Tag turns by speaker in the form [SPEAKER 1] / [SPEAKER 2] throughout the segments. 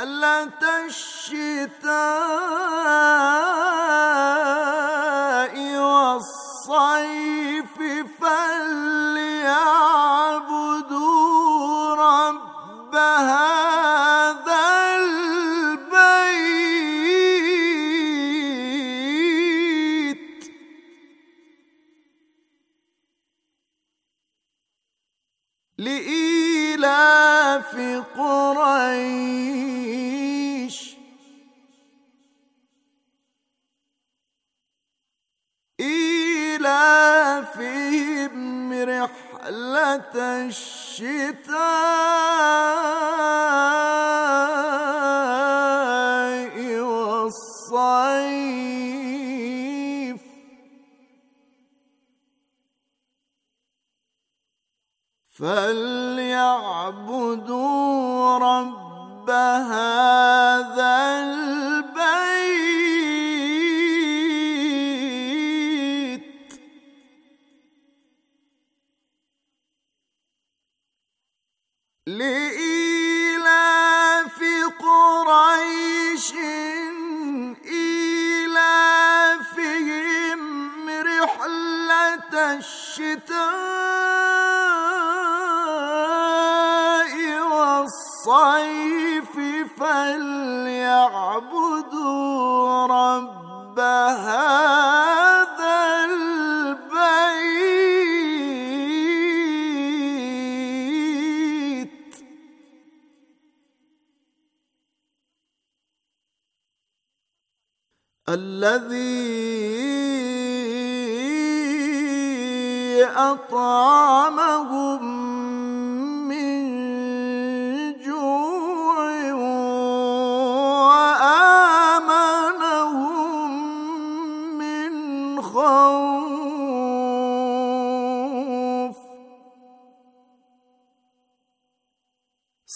[SPEAKER 1] رحلة الشتاء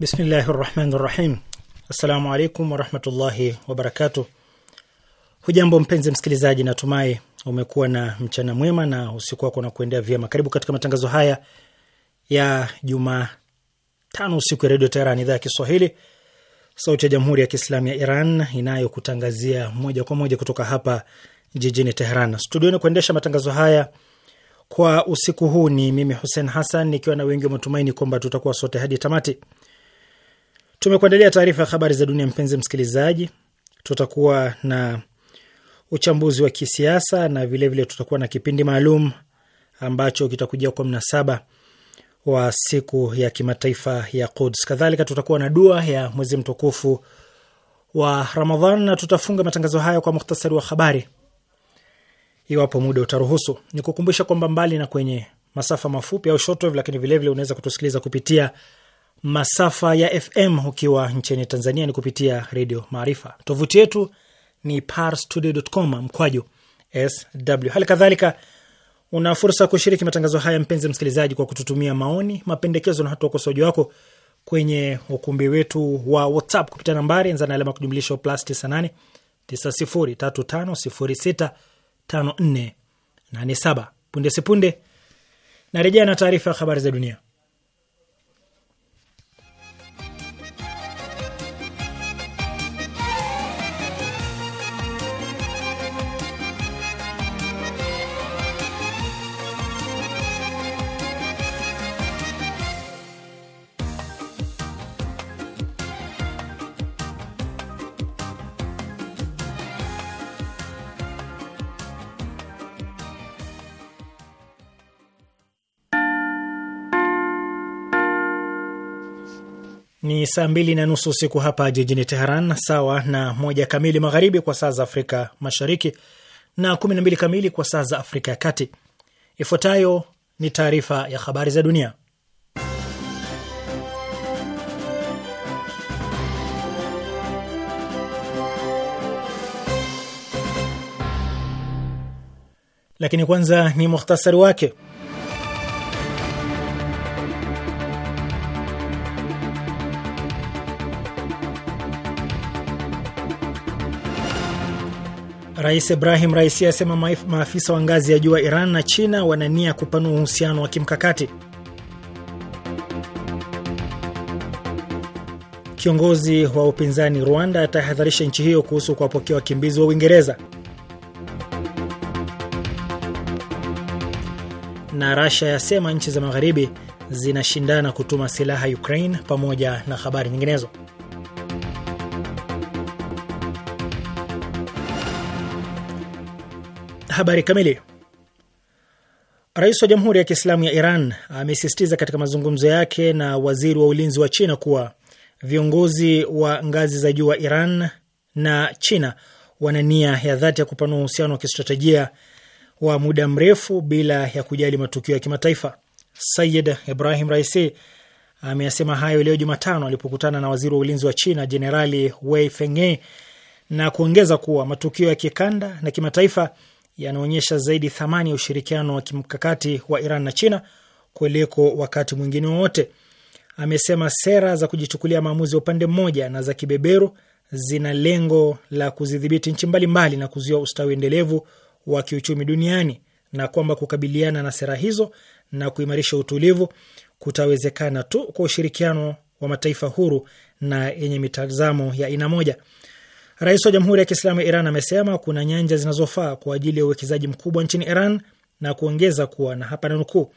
[SPEAKER 2] Bismillahi rahmani rahim. Assalamu alaikum warahmatullahi wabarakatu. Hujambo mpenzi msikilizaji, natumai umekuwa na mchana mwema na usiku wako na kuendea vyema. Karibu katika matangazo haya ya Jumatano usiku ya Redio Teheran, idhaa ya Kiswahili, sauti ya Jamhuri ya Kiislamu ya Iran inayokutangazia moja kwa moja kutoka hapa jijini Teheran. Studioni kuendesha matangazo haya kwa usiku huu ni mimi Hussein Hassan, nikiwa na wengi wa matumaini kwamba tutakuwa sote hadi tamati. Tumekuandalia taarifa ya habari za dunia. Mpenzi msikilizaji, tutakuwa na uchambuzi wa kisiasa na vilevile vile tutakuwa na kipindi maalum ambacho kitakujia kwa mnasaba wa siku ya kimataifa ya Quds. Kadhalika tutakuwa na dua ya mwezi mtukufu wa Ramadhan na tutafunga matangazo hayo kwa muhtasari wa habari, iwapo muda utaruhusu. Nikukumbusha kwamba mbali na kwenye masafa mafupi au shortwave, lakini vilevile unaweza kutusikiliza kupitia masafa ya FM ukiwa nchini Tanzania ni kupitia Redio Maarifa. Tovuti yetu ni parstoday.com mkwaju sw. Hali kadhalika una fursa ya kushiriki matangazo haya, mpenzi msikilizaji, kwa kututumia maoni, mapendekezo na hata ukosoaji wako kwenye ukumbi wetu wa WhatsApp kupitia nambari anza na alama kujumlisha plus 98 Punde sipunde narejea na taarifa ya habari za dunia. Ni saa mbili na nusu usiku hapa jijini Teheran, sawa na moja kamili magharibi kwa saa za Afrika Mashariki na kumi na mbili kamili kwa saa za Afrika ya Kati. Ifuatayo ni taarifa ya habari za dunia, lakini kwanza ni muhtasari wake. Rais Ibrahim Raisi asema maafisa wa ngazi ya juu wa Iran na China wanania kupanua uhusiano wa kimkakati. Kiongozi wa upinzani Rwanda atahadharisha nchi hiyo kuhusu kuwapokea wakimbizi wa Uingereza. Na Rasha yasema nchi za magharibi zinashindana kutuma silaha Ukraine, pamoja na habari nyinginezo. Habari kamili. Rais wa Jamhuri ya Kiislamu ya Iran amesisitiza katika mazungumzo yake na waziri wa ulinzi wa China kuwa viongozi wa ngazi za juu wa Iran na China wana nia ya dhati ya kupanua uhusiano wa kistratejia wa muda mrefu bila ya kujali matukio ya kimataifa. Sayid Ibrahim Raisi ameyasema hayo leo Jumatano alipokutana na waziri wa ulinzi wa China Jenerali Wei Fenghe na kuongeza kuwa matukio ya kikanda na kimataifa yanaonyesha zaidi thamani ya ushirikiano wa kimkakati wa Iran na China kuliko wakati mwingine wowote. Amesema sera za kujichukulia maamuzi ya upande mmoja na za kibeberu zina lengo la kuzidhibiti nchi mbalimbali na kuzuia ustawi endelevu wa kiuchumi duniani na kwamba kukabiliana na sera hizo na kuimarisha utulivu kutawezekana tu kwa ushirikiano wa mataifa huru na yenye mitazamo ya aina moja. Rais wa Jamhuri ya Kiislamu ya Iran amesema kuna nyanja zinazofaa kwa ajili ya uwekezaji mkubwa nchini Iran na kuongeza kuwa, na hapa nanukuu,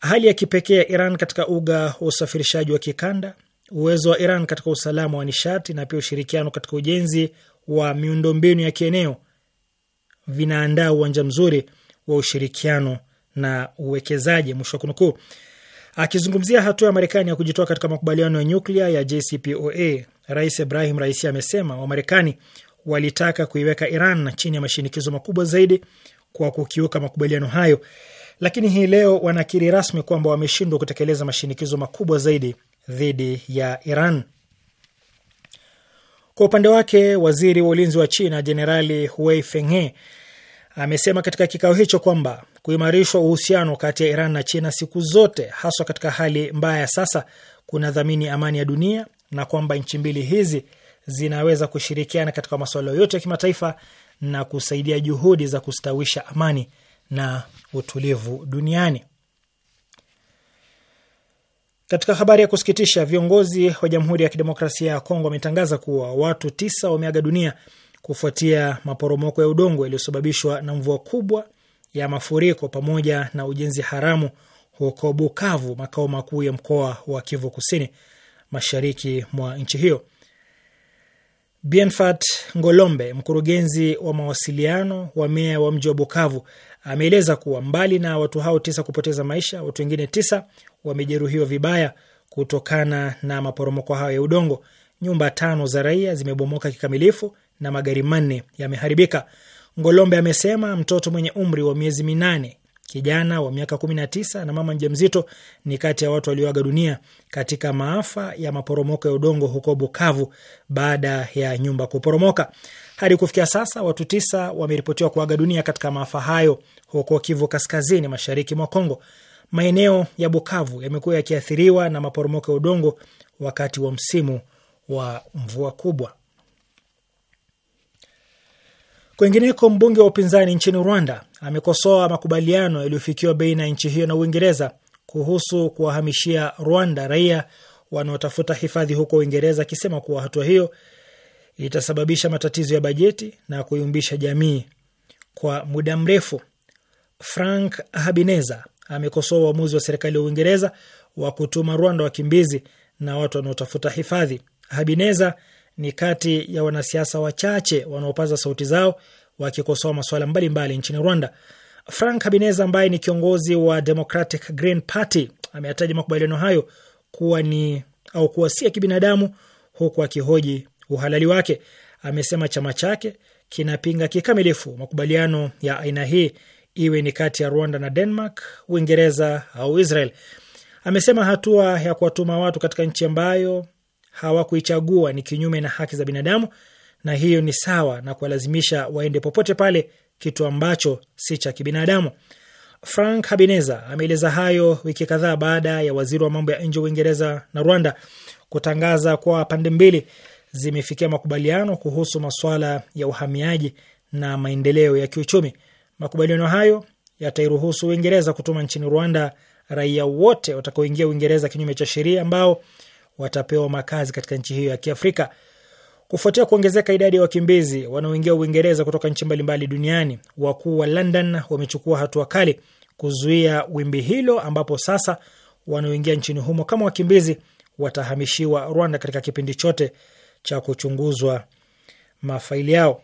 [SPEAKER 2] hali ya kipekee ya Iran katika uga wa usafirishaji wa kikanda, uwezo wa Iran katika usalama wa nishati na pia ushirikiano katika ujenzi wa miundombinu ya kieneo vinaandaa uwanja mzuri wa ushirikiano na uwekezaji, mwisho wa kunukuu. Akizungumzia hatua ya Marekani ya kujitoa katika makubaliano ya nyuklia ya JCPOA, Rais Ibrahim Raisi amesema Wamarekani walitaka kuiweka Iran chini ya mashinikizo makubwa zaidi kwa kukiuka makubaliano hayo, lakini hii leo wanakiri rasmi kwamba wameshindwa kutekeleza mashinikizo makubwa zaidi dhidi ya Iran. Kwa upande wake, waziri wa ulinzi wa China Jenerali Huei Fenghe amesema katika kikao hicho kwamba kuimarishwa uhusiano kati ya Iran na China siku zote, haswa katika hali mbaya sasa, kuna dhamini amani ya dunia na kwamba nchi mbili hizi zinaweza kushirikiana katika masuala yote ya kimataifa na kusaidia juhudi za kustawisha amani na utulivu duniani. Katika habari ya kusikitisha, viongozi wa Jamhuri ya Kidemokrasia ya Kongo wametangaza kuwa watu tisa wameaga dunia kufuatia maporomoko ya udongo yaliyosababishwa na mvua kubwa ya mafuriko pamoja na ujenzi haramu huko Bukavu, makao makuu ya mkoa wa Kivu Kusini mashariki mwa nchi hiyo. Bienfait Ngolombe, mkurugenzi wa mawasiliano wa meya wa mji wa Bukavu, ameeleza kuwa mbali na watu hao tisa kupoteza maisha, watu wengine tisa wamejeruhiwa vibaya kutokana na maporomoko hayo ya udongo. Nyumba tano za raia zimebomoka kikamilifu na magari manne yameharibika. Ngolombe amesema mtoto mwenye umri wa miezi minane kijana wa miaka 19 na mama mjamzito ni kati ya watu walioaga dunia katika maafa ya maporomoko ya udongo huko Bukavu baada ya nyumba kuporomoka. Hadi kufikia sasa watu tisa wameripotiwa kuaga dunia katika maafa hayo huko Kivu Kaskazini, mashariki mwa Kongo. Maeneo ya Bukavu yamekuwa yakiathiriwa na maporomoko ya udongo wakati wa msimu wa mvua kubwa. Kwengineko, mbunge wa upinzani nchini Rwanda amekosoa makubaliano yaliyofikiwa baina ya nchi hiyo na Uingereza kuhusu kuwahamishia Rwanda raia wanaotafuta hifadhi huko Uingereza, akisema kuwa hatua hiyo itasababisha matatizo ya bajeti na kuyumbisha jamii kwa muda mrefu. Frank Habineza amekosoa uamuzi wa serikali ya Uingereza wa kutuma Rwanda wakimbizi na watu wanaotafuta hifadhi. Habineza ni kati ya wanasiasa wachache wanaopaza sauti zao wakikosoa masuala mbalimbali nchini Rwanda. Frank Habineza ambaye ni kiongozi wa Democratic Green Party ameyataja makubaliano hayo kuwa ni au kuwa si ya kibinadamu, huku akihoji uhalali wake. Amesema chama chake kinapinga kikamilifu makubaliano ya aina hii, iwe ni kati ya Rwanda na Denmark, Uingereza au Israel. Amesema hatua ya kuwatuma watu katika nchi ambayo hawakuichagua ni kinyume na haki za binadamu, na hiyo ni sawa na kuwalazimisha waende popote pale, kitu ambacho si cha kibinadamu. Frank Habineza ameeleza hayo wiki kadhaa baada ya waziri wa mambo ya nje wa Uingereza na Rwanda kutangaza kuwa pande mbili zimefikia makubaliano kuhusu masuala ya uhamiaji na maendeleo ya kiuchumi. Makubaliano hayo yatairuhusu Uingereza kutuma nchini Rwanda raia wote watakaoingia Uingereza kinyume cha sheria ambao watapewa makazi katika nchi hiyo ya Kiafrika. Kufuatia kuongezeka idadi ya wakimbizi wanaoingia Uingereza kutoka nchi mbalimbali duniani, wakuu wa London wamechukua hatua kali kuzuia wimbi hilo, ambapo sasa wanaoingia nchini humo kama wakimbizi watahamishiwa Rwanda katika kipindi chote cha kuchunguzwa mafaili yao.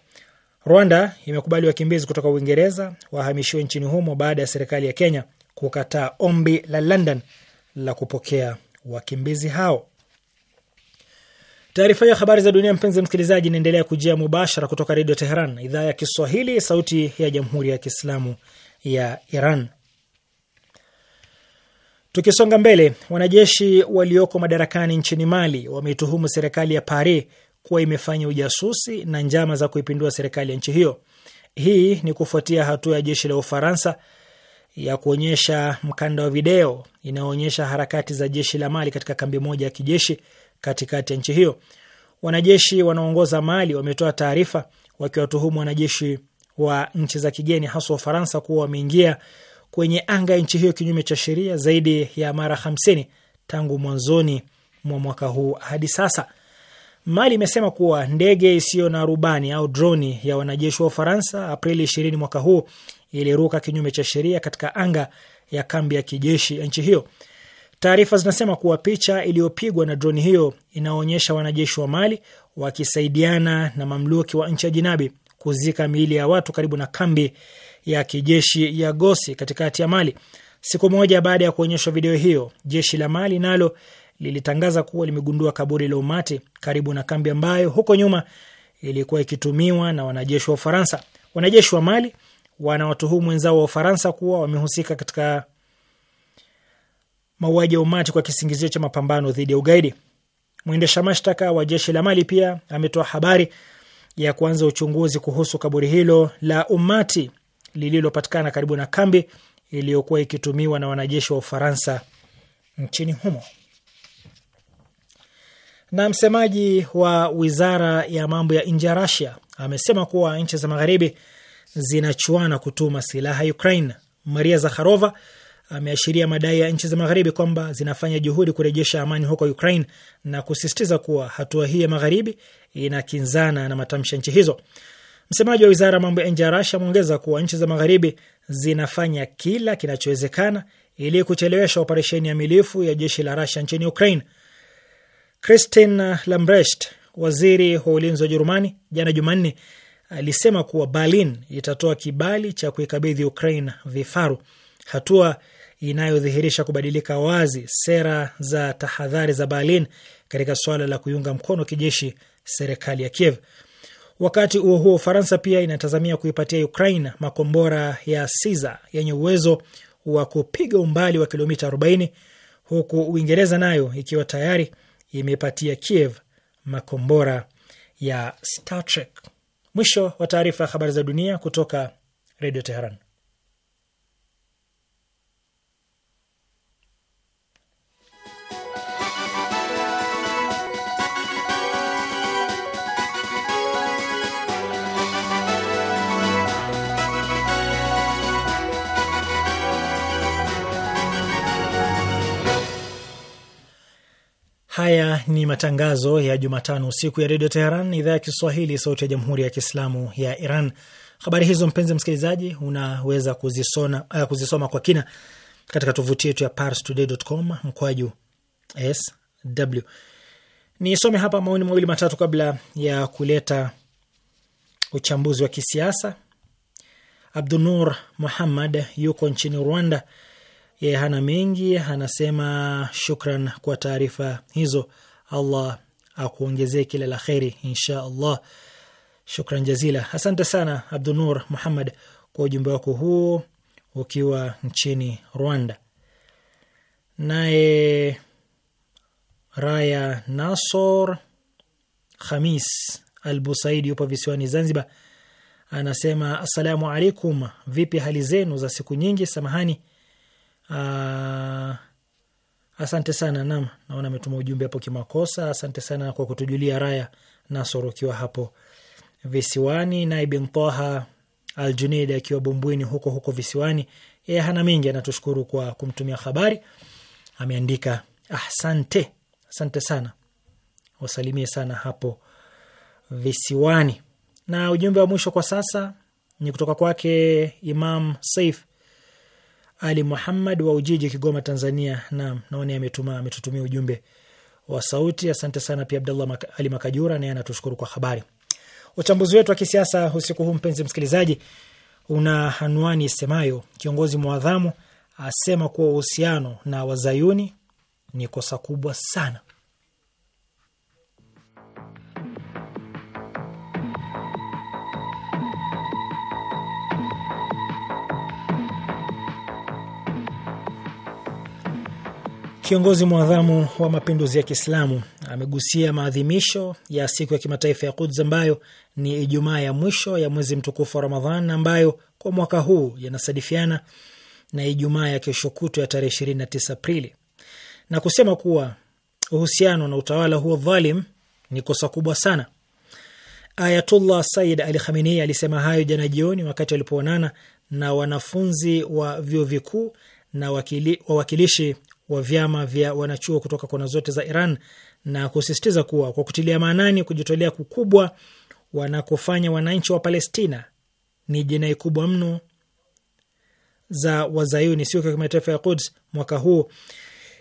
[SPEAKER 2] Rwanda imekubali wakimbizi kutoka Uingereza wahamishiwe nchini humo baada ya serikali ya Kenya kukataa ombi la London la kupokea wakimbizi hao. Taarifa ya habari za dunia, mpenzi msikilizaji, inaendelea kujia mubashara kutoka Redio Teheran, idhaa ya Kiswahili, sauti ya jamhuri ya kiislamu ya Iran. Tukisonga mbele, wanajeshi walioko madarakani nchini Mali wameituhumu serikali ya Paris kuwa imefanya ujasusi na njama za kuipindua serikali ya nchi hiyo. Hii ni kufuatia hatua ya jeshi la Ufaransa ya kuonyesha mkanda wa video inayoonyesha harakati za jeshi la Mali katika kambi moja ya kijeshi katikati ya nchi hiyo. Wanajeshi wanaoongoza Mali wametoa taarifa wakiwatuhumu wanajeshi wa nchi za kigeni haswa Ufaransa kuwa wameingia kwenye anga ya nchi hiyo kinyume cha sheria zaidi ya mara hamsini tangu mwanzoni mwa mwaka huu hadi sasa. Mali imesema kuwa ndege isiyo na rubani au droni ya wanajeshi wa Ufaransa Aprili ishirini mwaka huu iliruka kinyume cha sheria katika anga ya kambi ya kijeshi ya nchi hiyo. Taarifa zinasema kuwa picha iliyopigwa na droni hiyo inaonyesha wanajeshi wa Mali wakisaidiana na mamluki wa nchi ya jinabi kuzika miili ya watu karibu na kambi ya kijeshi ya Gosi katikati ya Mali. Siku moja baada ya kuonyeshwa video hiyo, jeshi la Mali nalo lilitangaza kuwa limegundua kaburi la umati karibu na kambi ambayo huko nyuma ilikuwa ikitumiwa na wanajeshi wa Ufaransa. Wanajeshi wa Mali wanawatuhumu wenzao wa Ufaransa kuwa wamehusika katika mauaji ya umati kwa kisingizio cha mapambano dhidi ya ugaidi. Mwendesha mashtaka wa jeshi la Mali pia ametoa habari ya kuanza uchunguzi kuhusu kaburi hilo la umati lililopatikana karibu na kambi iliyokuwa ikitumiwa na wanajeshi wa Ufaransa nchini humo. Na msemaji wa wizara ya mambo ya nje ya Rasia amesema kuwa nchi za magharibi zinachuana kutuma silaha Ukraine. Maria Zakharova ameashiria madai ya nchi za magharibi kwamba zinafanya juhudi kurejesha amani huko Ukraine na kusisitiza kuwa hatua hii ya magharibi inakinzana na matamshi ya nchi hizo. Msemaji wa wizara ya mambo ya nje ya Russia ameongeza kuwa nchi za magharibi zinafanya kila kinachowezekana ili kuchelewesha operesheni amilifu ya jeshi la Russia nchini Ukraine. Christine Lambrecht, waziri wa ulinzi wa Jerumani, jana Jumanne alisema kuwa Berlin itatoa kibali cha kuikabidhi Ukraine vifaru, hatua inayodhihirisha kubadilika wazi sera za tahadhari za Berlin katika swala la kuiunga mkono kijeshi serikali ya Kiev. Wakati huo huo, Ufaransa pia inatazamia kuipatia Ukraine makombora ya Caesar yenye uwezo wa kupiga umbali wa kilomita 40 huku Uingereza nayo ikiwa tayari imeipatia Kiev makombora ya Star Trek. Mwisho wa taarifa ya habari za dunia kutoka Redio Teheran. Haya ni matangazo ya Jumatano usiku ya redio Teheran, idhaa ya Kiswahili, sauti ya jamhuri ya kiislamu ya Iran. Habari hizo mpenzi msikilizaji, unaweza kuzisoma, uh, eh, kuzisoma kwa kina katika tovuti yetu ya parstoday.com mkwaju sw. Nisome hapa maoni mawili matatu kabla ya kuleta uchambuzi wa kisiasa. Abdunur Muhammad yuko nchini Rwanda yeye hana mengi, anasema shukran kwa taarifa hizo, Allah akuongezee kila la kheri, insha Allah. Shukran jazila, asante sana Abdunur Muhammad kwa ujumbe wako huo ukiwa nchini Rwanda. Naye Raya Nasor Khamis Al Busaidi yupo visiwani Zanzibar, anasema assalamu alaikum, vipi hali zenu za siku nyingi? Samahani Uh, asante sana nam, naona ametuma ujumbe hapo kimakosa. Asante sana kwa kutujulia raya Nasoro ukiwa hapo visiwani, naye bin Toha Al Juneid akiwa Bumbwini huko huko visiwani. Yeye hana mingi, anatushukuru kwa kumtumia habari. Ameandika asante, ah, asante sana, wasalimie sana hapo visiwani. Na ujumbe wa mwisho kwa sasa ni kutoka kwake Imam Saif ali Muhammad wa Ujiji, Kigoma, Tanzania. Naam, naona ametuma ametutumia ujumbe wa sauti. Asante sana pia Abdallah Ali Makajura, naye anatushukuru kwa habari. Uchambuzi wetu wa kisiasa usiku huu, mpenzi msikilizaji, una anwani isemayo kiongozi mwadhamu asema kuwa uhusiano na wazayuni ni kosa kubwa sana. Kiongozi mwadhamu wa mapinduzi ya Kiislamu amegusia maadhimisho ya siku ya kimataifa ya Quds ambayo ni Ijumaa ya mwisho ya mwezi mtukufu wa Ramadhan ambayo kwa mwaka huu yanasadifiana na Ijumaa ya kesho kutwa ya tarehe 29 Aprili na kusema kuwa uhusiano na utawala huo dhalim ni kosa kubwa sana. Ayatullah Sayyid Ali Khamenei alisema hayo jana jioni wakati walipoonana na wanafunzi wa vyuo vikuu na wakili, wawakilishi wa vyama vya wanachuo kutoka kona zote za Iran na kusisitiza kuwa kwa kutilia maanani kujitolea kukubwa wanakofanya wananchi wa Palestina ni jinai kubwa mno za Wazayuni. Siku ya kimataifa ya Quds mwaka huu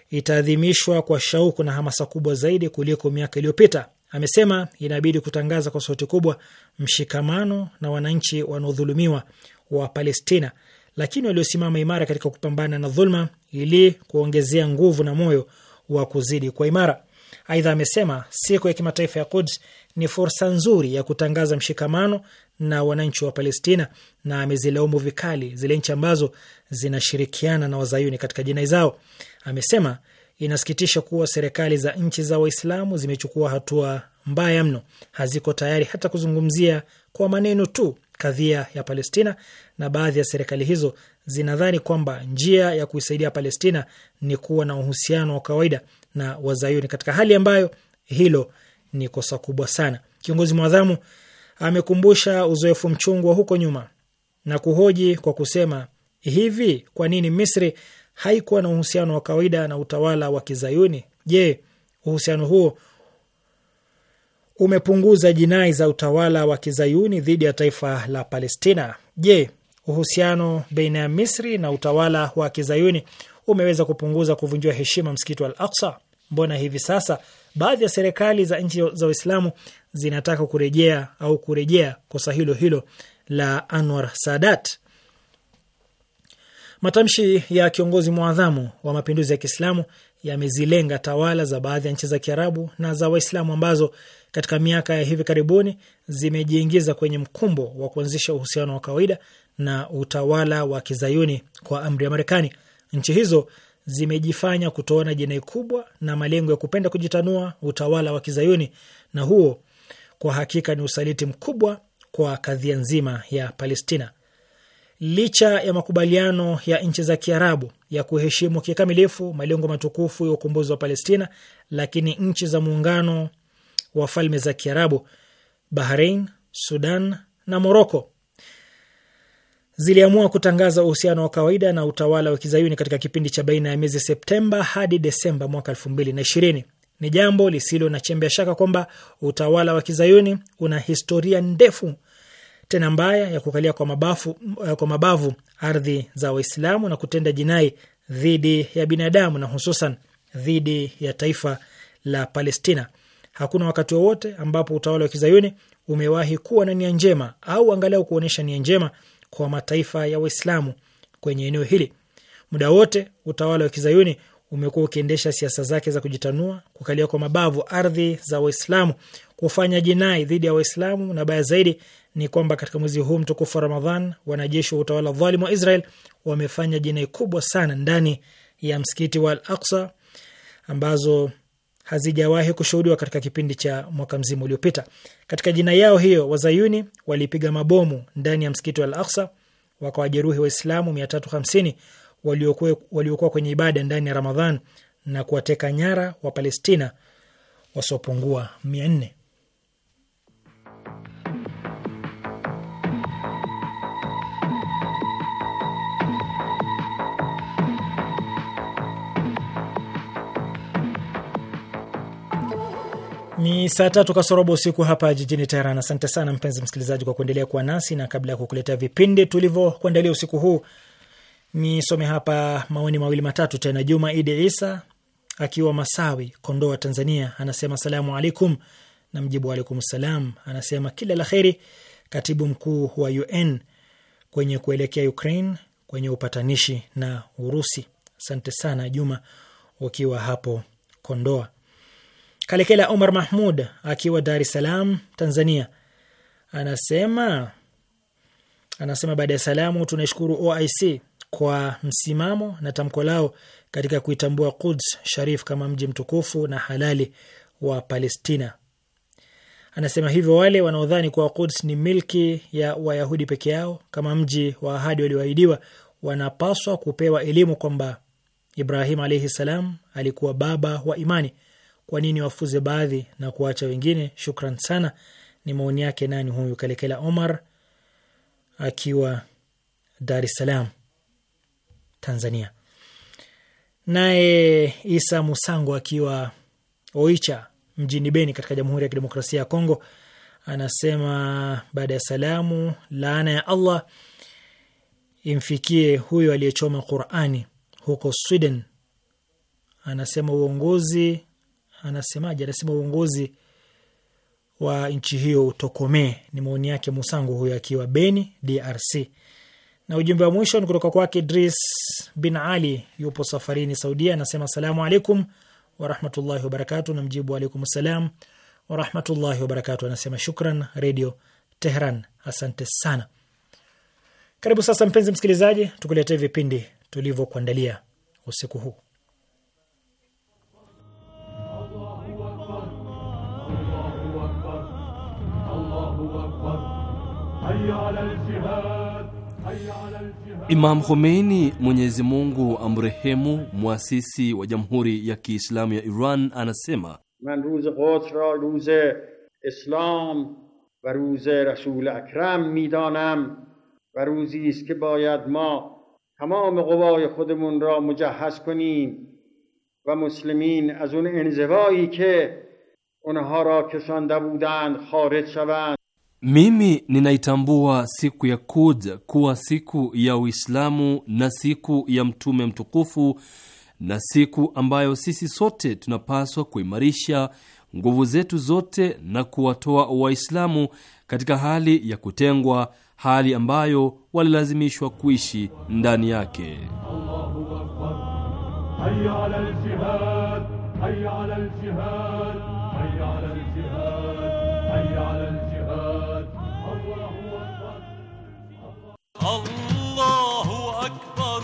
[SPEAKER 2] itaadhimishwa kwa shauku na hamasa kubwa zaidi kuliko miaka iliyopita. Amesema inabidi kutangaza kwa sauti kubwa mshikamano na wananchi wanaodhulumiwa wa Palestina lakini waliosimama imara katika kupambana na dhulma ili kuongezea nguvu na moyo wa kuzidi kwa imara. Aidha amesema siku ya kimataifa ya Quds ni fursa nzuri ya kutangaza mshikamano na wananchi wa Palestina, na amezilaumu vikali zile nchi ambazo zinashirikiana na wazayuni katika jinai zao. Amesema inasikitisha kuwa serikali za nchi za Waislamu zimechukua hatua mbaya mno, haziko tayari hata kuzungumzia kwa maneno tu kadhia ya Palestina, na baadhi ya serikali hizo zinadhani kwamba njia ya kuisaidia Palestina ni kuwa na uhusiano wa kawaida na Wazayuni, katika hali ambayo hilo ni kosa kubwa sana. Kiongozi mwadhamu amekumbusha uzoefu mchungu wa huko nyuma na kuhoji kwa kusema hivi, kwa nini Misri haikuwa na uhusiano wa kawaida na utawala wa Kizayuni? Je, uhusiano huo umepunguza jinai za utawala wa kizayuni dhidi ya taifa la Palestina. Je, uhusiano baina ya Misri na utawala wa kizayuni umeweza kupunguza kuvunjiwa heshima msikiti wa Al Aksa? Mbona hivi sasa baadhi ya serikali za nchi za Waislamu zinataka kurejea au kurejea kosa hilo hilo la Anwar Sadat. Matamshi ya kiongozi mwadhamu wa mapinduzi ya Kiislamu yamezilenga tawala za baadhi ya nchi za Kiarabu na za Waislamu ambazo katika miaka ya hivi karibuni zimejiingiza kwenye mkumbo wa kuanzisha uhusiano wa kawaida na utawala wa kizayuni kwa amri ya Marekani. Nchi hizo zimejifanya kutoona jinai kubwa na malengo ya kupenda kujitanua utawala wa kizayuni, na huo kwa hakika ni usaliti mkubwa kwa kadhia nzima ya Palestina licha ya makubaliano ya nchi za Kiarabu ya kuheshimu kikamilifu malengo matukufu ya ukombozi wa Palestina, lakini nchi za muungano wa falme za Kiarabu, Bahrain, Sudan na Moroko ziliamua kutangaza uhusiano wa kawaida na utawala wa kizayuni katika kipindi cha baina ya miezi Septemba hadi Desemba mwaka elfu mbili na ishirini. Ni jambo lisilo na chembe ya shaka kwamba utawala wa kizayuni una historia ndefu tena mbaya ya kukalia kwa mabavu, eh, kwa mabavu ardhi za Waislamu na kutenda jinai dhidi ya binadamu na hususan dhidi ya taifa la Palestina. Hakuna wakati wowote ambapo utawala wa kizayuni umewahi kuwa na nia njema au angalau kuonyesha nia njema kwa mataifa ya Waislamu kwenye eneo hili. Muda wote utawala wa kizayuni umekuwa ukiendesha siasa zake za kujitanua, kukalia kwa mabavu ardhi za Waislamu, kufanya jinai dhidi ya Waislamu na baya zaidi, ni kwamba katika mwezi huu mtukufu wa Ramadhan, wanajeshi wa utawala dhalimu wa Israel wamefanya jinai kubwa sana ndani ya msikiti wa Al Aksa ambazo hazijawahi kushuhudiwa katika kipindi cha mwaka mzima uliopita. Katika jinai yao hiyo, wazayuni walipiga mabomu ndani ya msikiti wa Al Aksa wakawajeruhi Waislamu 350 waliokuwa kwenye ibada ndani ya Ramadhan na kuwateka nyara wa Palestina wasiopungua nne. Ni saa tatu kasorobo usiku hapa jijini Teheran. Asante sana mpenzi msikilizaji kwa kuendelea kuwa nasi, na kabla ya kukuletea vipindi tulivyokuandalia usiku huu, nisome hapa maoni mawili matatu tena. Juma Idi Isa akiwa Masawi, Kondoa, Tanzania, anasema salamu alaikum, na mjibu alaikum salam. Anasema kila la kheri katibu mkuu wa UN kwenye kuelekea Ukraine kwenye upatanishi na Urusi. Asante sana Juma ukiwa hapo Kondoa. Kalekela Omar Mahmud akiwa Dar es Salaam, Tanzania, anasema anasema baada ya salamu, tunashukuru OIC kwa msimamo na tamko lao katika kuitambua Quds Sharif kama mji mtukufu na halali wa Palestina. Anasema hivyo wale wanaodhani kuwa Quds ni milki ya Wayahudi peke yao kama mji wa ahadi walioahidiwa, wanapaswa kupewa elimu kwamba Ibrahim alaihi salam alikuwa baba wa imani kwa nini wafuze baadhi na kuacha wengine? Shukran sana. Ni maoni yake nani huyu? Kalekela Omar akiwa Dar es Salaam, Tanzania. Naye Isa Musango akiwa Oicha mjini Beni katika Jamhuri ya Kidemokrasia ya Kongo anasema baada ya salamu, laana ya Allah imfikie huyo aliyechoma Qurani huko Sweden. Anasema uongozi anasemaje? Anasema uongozi wa nchi hiyo utokomee. Ni maoni yake Musangu huyo akiwa Beni, DRC. Na ujumbe wa mwisho ni kutoka kwake Idris bin Ali, yupo safarini Saudia, anasema asalamu alaikum warahmatullahi wabarakatu. Namjibu alaikum salam warahmatullahi wabarakatu. Anasema shukran Redio Tehran, asante sana. Karibu sasa, mpenzi msikilizaji, tukuletee vipindi tulivyokuandalia usiku huu.
[SPEAKER 3] امام خمینی، منیزمونگو، امرهیمو، موسیسی و جمهوری یکی اسلامی ایران انسیما
[SPEAKER 4] من روز قدر، را روز اسلام و روز رسول اکرم میدانم و روزی است که باید ما تمام قوای خودمون را مجهز کنیم و مسلمین از اون انزوایی که اونها را کشانده بودند خارج شوند
[SPEAKER 3] Mimi ninaitambua siku ya Kud kuwa siku
[SPEAKER 5] ya Uislamu na siku ya Mtume mtukufu na siku ambayo sisi sote tunapaswa kuimarisha nguvu zetu zote na kuwatoa Waislamu katika hali ya kutengwa, hali ambayo walilazimishwa
[SPEAKER 3] kuishi ndani yake. Allahu Akbar,
[SPEAKER 6] hayya ala al-jihad, hayya ala al-jihad. الله أكبر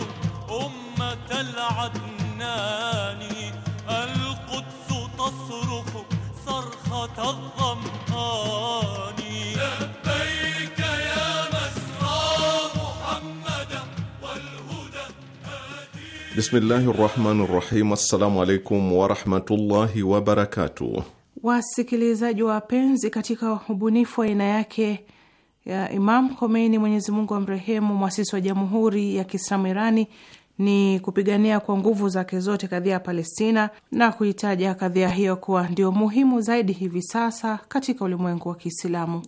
[SPEAKER 6] أمة العدناني القدس تصرخ صرخة الظمآن لبيك يا مسرى محمد والهدى
[SPEAKER 3] بسم الله الرحمن الرحيم السلام عليكم ورحمة الله وبركاته
[SPEAKER 5] wasikilizaji wapenzi katika ubunifu wa aina yake ya Imam Khomeini, Mwenyezi Mungu amrehemu, mwasisi wa Jamhuri ya Kiislamu Irani ni kupigania kwa nguvu zake zote kadhia ya Palestina na kuitaja kadhia hiyo kuwa ndio muhimu zaidi hivi sasa katika ulimwengu wa Kiislamu.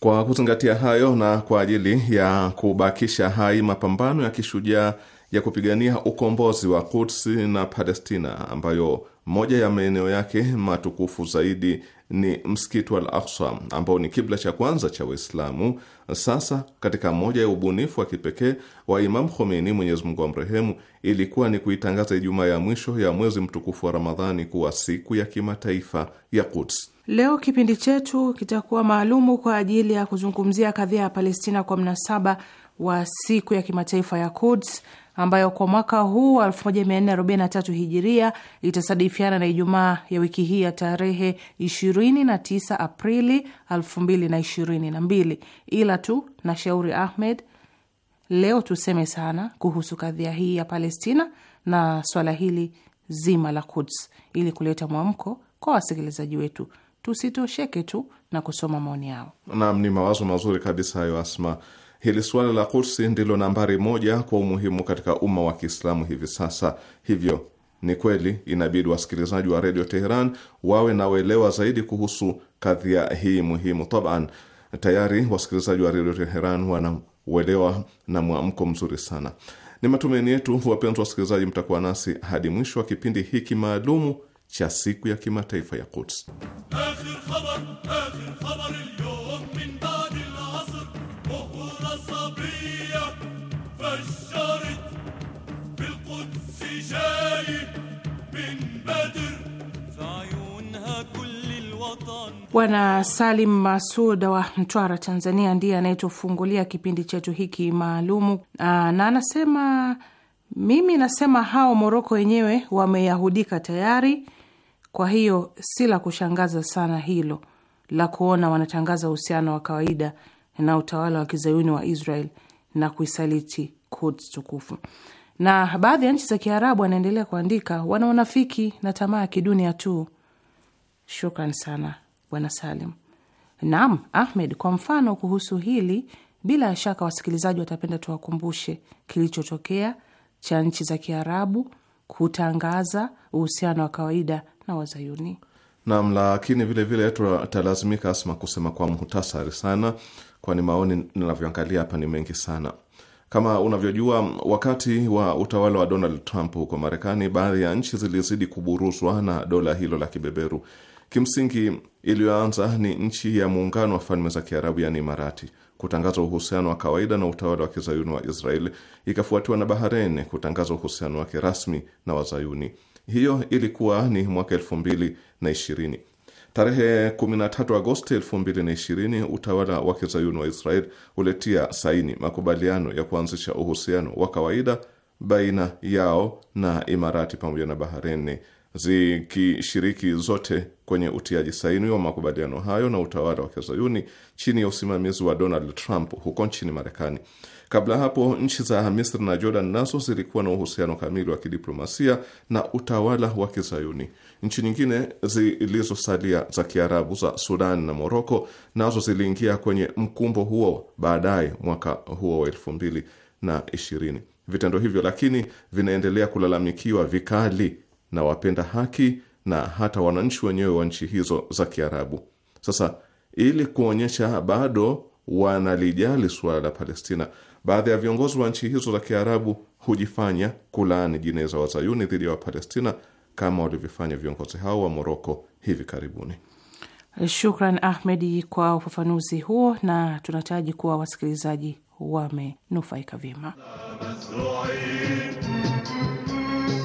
[SPEAKER 3] Kwa kuzingatia hayo na kwa ajili ya kubakisha hai mapambano ya kishujaa ya kupigania ukombozi wa Quds na Palestina ambayo moja ya maeneo yake matukufu zaidi ni msikiti wa Al-Aqsa ambao ni kibla cha kwanza cha Waislamu. Sasa katika moja ya ubunifu wa kipekee wa Imam Khomeini, Mwenyezi Mungu amrehemu, ilikuwa ni kuitangaza Ijumaa ya mwisho ya mwezi mtukufu wa Ramadhani kuwa siku ya kimataifa ya Quds.
[SPEAKER 5] Leo kipindi chetu kitakuwa maalumu kwa ajili ya kuzungumzia kadhia ya Palestina kwa mnasaba wa siku ya kimataifa ya Quds ambayo kwa mwaka huu 1443 hijiria itasadifiana na Ijumaa ya wiki hii ya tarehe 29 Aprili 2022. Ila tu na Shauri Ahmed, leo tuseme sana kuhusu kadhia hii ya Palestina na swala hili zima la Quds ili kuleta mwamko kwa wasikilizaji wetu. Tusitosheke tu na kusoma maoni yao.
[SPEAKER 3] Naam, ni mawazo mazuri kabisa hayo, Asma. Hili suala la Kursi ndilo nambari moja kwa umuhimu katika umma wa Kiislamu hivi sasa. Hivyo ni kweli inabidi wasikilizaji wa redio Teheran wawe na uelewa zaidi kuhusu kadhia hii muhimu. Taban, tayari wasikilizaji wa redio Teheran wana uelewa na mwamko mzuri sana. Ni matumaini yetu, wapenzi wasikilizaji, mtakuwa nasi hadi mwisho wa kipindi hiki maalumu cha siku ya kimataifa ya Quds.
[SPEAKER 5] Bwana Salim Masud wa Mtwara, Tanzania, ndiye anayetufungulia kipindi chetu hiki maalumu, ah, na anasema mimi nasema hao Moroko wenyewe wameyahudika tayari, kwa hiyo si la kushangaza sana hilo la kuona wanatangaza uhusiano wa kawaida na utawala wa kizayuni wa Israel na kuisaliti Kuds tukufu. Na baadhi ya nchi za Kiarabu, anaendelea kuandika, wana unafiki na tamaa ya kidunia tu. Shukran sana Bwana Salim. Naam Ahmed, kwa mfano kuhusu hili, bila shaka wasikilizaji watapenda tuwakumbushe kilichotokea cha nchi za Kiarabu kutangaza uhusiano wa kawaida na Wazayuni.
[SPEAKER 3] Naam, lakini vilevile tutalazimika Asma kusema kwa muhtasari sana, kwani maoni ninavyoangalia hapa ni mengi sana. Kama unavyojua, wakati wa utawala wa Donald Trump huko Marekani, baadhi ya nchi zilizidi kuburuzwa na dola hilo la kibeberu Kimsingi iliyoanza ni nchi ya muungano wa falme za Kiarabu, yani Imarati, kutangaza uhusiano wa kawaida na utawala wa kizayuni wa israel ikafuatiwa na Bahrain kutangaza uhusiano wake rasmi na wazayuni. Hiyo ilikuwa ni mwaka elfu mbili na ishirini. Tarehe 13 Agosti 2020 utawala wa kizayuni wa Israel uletia saini makubaliano ya kuanzisha uhusiano wa kawaida baina yao na Imarati pamoja na bahareni zikishiriki zote kwenye utiaji saini wa makubaliano hayo na utawala wa kizayuni chini ya usimamizi wa Donald Trump huko nchini Marekani. Kabla hapo nchi za Misri na Jordan nazo zilikuwa na uhusiano kamili wa kidiplomasia na utawala wa kizayuni. Nchi nyingine zilizosalia za kiarabu za Sudan na Moroko nazo ziliingia kwenye mkumbo huo baadaye mwaka huo wa elfu mbili na ishirini. Vitendo hivyo lakini vinaendelea kulalamikiwa vikali na wapenda haki na hata wananchi wenyewe wa nchi hizo za Kiarabu. Sasa, ili kuonyesha bado wanalijali suala la Palestina, baadhi ya viongozi wa nchi hizo za Kiarabu hujifanya kulaani jinai za wazayuni dhidi ya Wapalestina kama walivyofanya viongozi hao wa Moroko hivi karibuni.
[SPEAKER 5] Shukran Ahmedi kwa ufafanuzi huo, na tunataraji kuwa wasikilizaji wamenufaika vyema.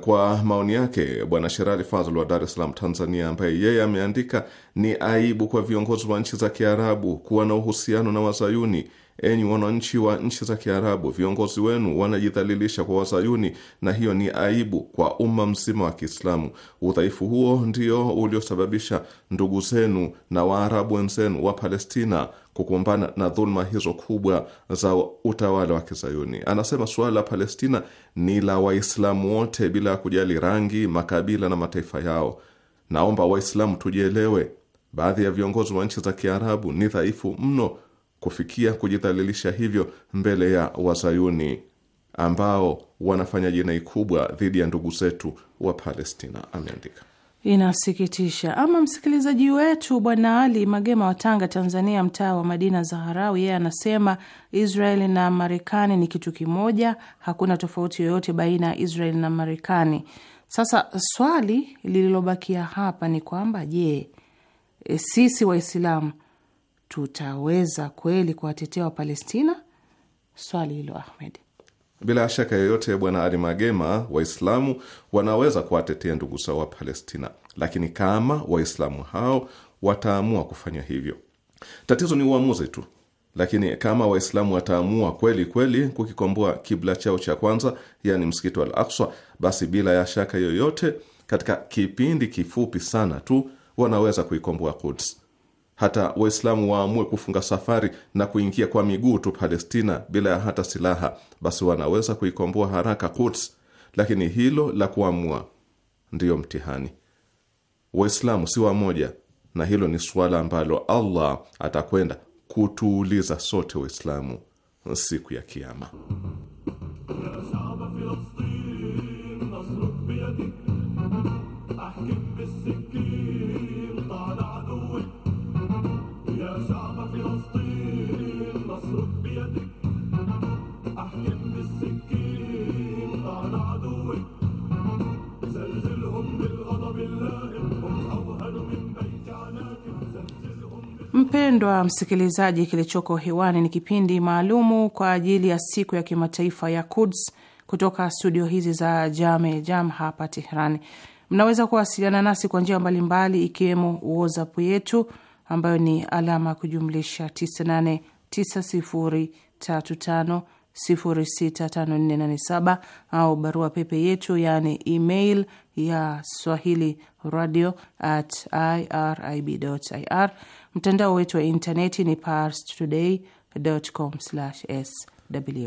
[SPEAKER 3] kwa maoni yake Bwana Sherali Fazl wa Dar es Salaam, Tanzania, ambaye yeye ameandika ni aibu kwa viongozi wa nchi za Kiarabu kuwa na uhusiano na Wazayuni Enyi wananchi wa nchi za Kiarabu, viongozi wenu wanajidhalilisha kwa Wazayuni, na hiyo ni aibu kwa umma mzima wa Kiislamu. Udhaifu huo ndio uliosababisha ndugu zenu na Waarabu wenzenu wa Palestina kukumbana na dhuluma hizo kubwa za utawala wa Kizayuni. Anasema suala la Palestina ni la Waislamu wote bila ya kujali rangi, makabila na mataifa yao. Naomba Waislamu tujielewe. Baadhi ya viongozi wa nchi za Kiarabu ni dhaifu mno kufikia kujidhalilisha hivyo mbele ya wazayuni ambao wanafanya jinai kubwa dhidi ya ndugu zetu wa Palestina, ameandika.
[SPEAKER 5] Inasikitisha. Ama msikilizaji wetu Bwana Ali Magema wa Tanga, Tanzania, mtaa wa Madina Zaharau, yeye anasema Israeli na Marekani ni kitu kimoja, hakuna tofauti yoyote baina ya Israeli na Marekani. Sasa swali lililobakia hapa ni kwamba je, e, sisi Waislamu tutaweza kweli kuwatetea Wapalestina? Swali hilo Ahmed.
[SPEAKER 3] Bila shaka yoyote, Bwana Ali Magema, Waislamu wanaweza kuwatetea ndugu zao wa Palestina, lakini kama Waislamu hao wataamua kufanya hivyo, tatizo ni uamuzi tu. Lakini kama Waislamu wataamua kweli kweli kukikomboa kibla chao cha kwanza, yani msikiti wa Al Akswa, basi bila ya shaka yoyote, katika kipindi kifupi sana tu wanaweza kuikomboa Kuds hata Waislamu waamue kufunga safari na kuingia kwa miguu tu Palestina bila ya hata silaha, basi wanaweza kuikomboa haraka Quds, lakini hilo la kuamua ndiyo mtihani. Waislamu si wamoja, na hilo ni suala ambalo Allah atakwenda kutuuliza sote Waislamu siku ya kiama
[SPEAKER 5] Mpendwa msikilizaji, kilichoko hewani ni kipindi maalumu kwa ajili ya siku ya kimataifa ya Kuds kutoka studio hizi za Jame Jam hapa Teherani. Mnaweza kuwasiliana nasi kwa njia mbalimbali, ikiwemo WhatsApp yetu ambayo ni alama ya kujumlisha 989035065487 au barua pepe yetu yaani email ya swahili radio at irib.ir Mtandao wetu wa intaneti ni parstoday.com/sw.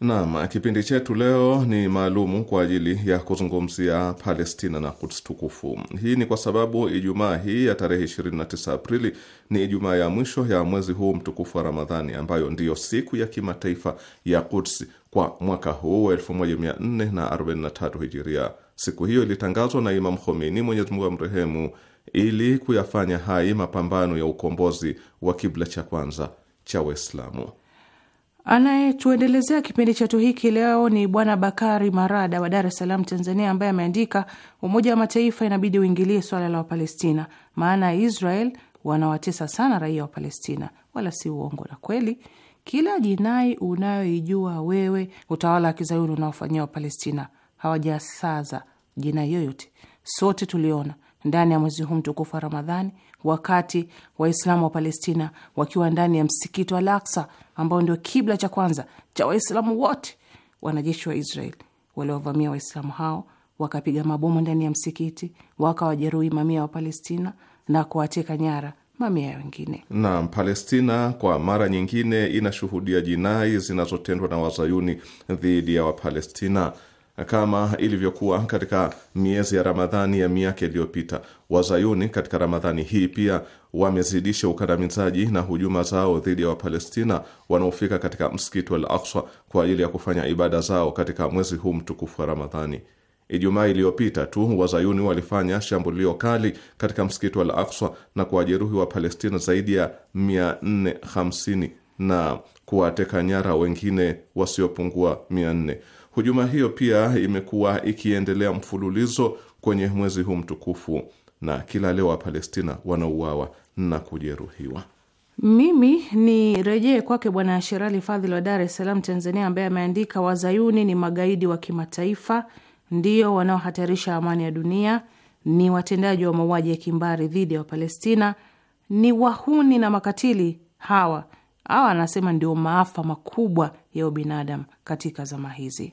[SPEAKER 3] Naam, kipindi chetu leo ni maalumu kwa ajili ya kuzungumzia Palestina na Quds tukufu. Hii ni kwa sababu Ijumaa hii ya tarehe 29 Aprili ni Ijumaa ya mwisho ya mwezi huu mtukufu wa Ramadhani, ambayo ndiyo siku ya kimataifa ya Quds kwa mwaka huu 1443 Hijiria. Siku hiyo ilitangazwa na Imam Khomeini, Mwenyezi Mungu amrehemu ili kuyafanya hai mapambano ya ukombozi wa kibla cha kwanza cha Waislamu.
[SPEAKER 5] Anayetuendelezea kipindi chetu hiki leo ni Bwana Bakari Marada wa Dar es Salaam, Tanzania, ambaye ameandika, Umoja wa Mataifa inabidi uingilie swala la Wapalestina, maana ya Israel wanawatesa sana raia wa Palestina, wala si uongo. Na kweli kila jinai unayoijua wewe utawala wa kizayuni unaofanyia Wapalestina hawajasaza jinai yoyote, sote tuliona ndani ya mwezi huu mtukufu wa Ramadhani, wakati Waislamu wa Palestina wakiwa ndani ya msikiti wa Al-Aqsa ambao ndio kibla cha kwanza cha Waislamu wote, wanajeshi wa Israel waliovamia Waislamu hao wakapiga mabomu ndani ya msikiti, wakawajeruhi mamia wa Palestina na kuwateka nyara mamia wengine.
[SPEAKER 3] Naam, Palestina kwa mara nyingine inashuhudia jinai zinazotendwa na wazayuni dhidi ya Wapalestina kama ilivyokuwa katika miezi ya Ramadhani ya miaka iliyopita. Wazayuni katika Ramadhani hii pia wamezidisha ukandamizaji na hujuma zao dhidi ya Wapalestina wanaofika katika msikiti wa Al-Aqsa kwa ajili ya kufanya ibada zao katika mwezi huu mtukufu wa Ramadhani. Ijumaa iliyopita tu wazayuni walifanya shambulio kali katika msikiti wa al akswa na kuwajeruhi wa Palestina zaidi ya 450 na kuwateka nyara wengine wasiopungua 400. Hujuma hiyo pia imekuwa ikiendelea mfululizo kwenye mwezi huu mtukufu, na kila leo Wapalestina wanauawa na kujeruhiwa.
[SPEAKER 5] Mimi ni rejee kwake Bwana Sherali Fadhili wa Dar es Salaam, Tanzania, ambaye ameandika, wazayuni ni magaidi wa kimataifa, ndio wanaohatarisha amani ya dunia, ni watendaji wa mauaji ya kimbari dhidi ya Wapalestina, ni wahuni na makatili hawa hawa, anasema ndio maafa makubwa ya ubinadam katika zama hizi.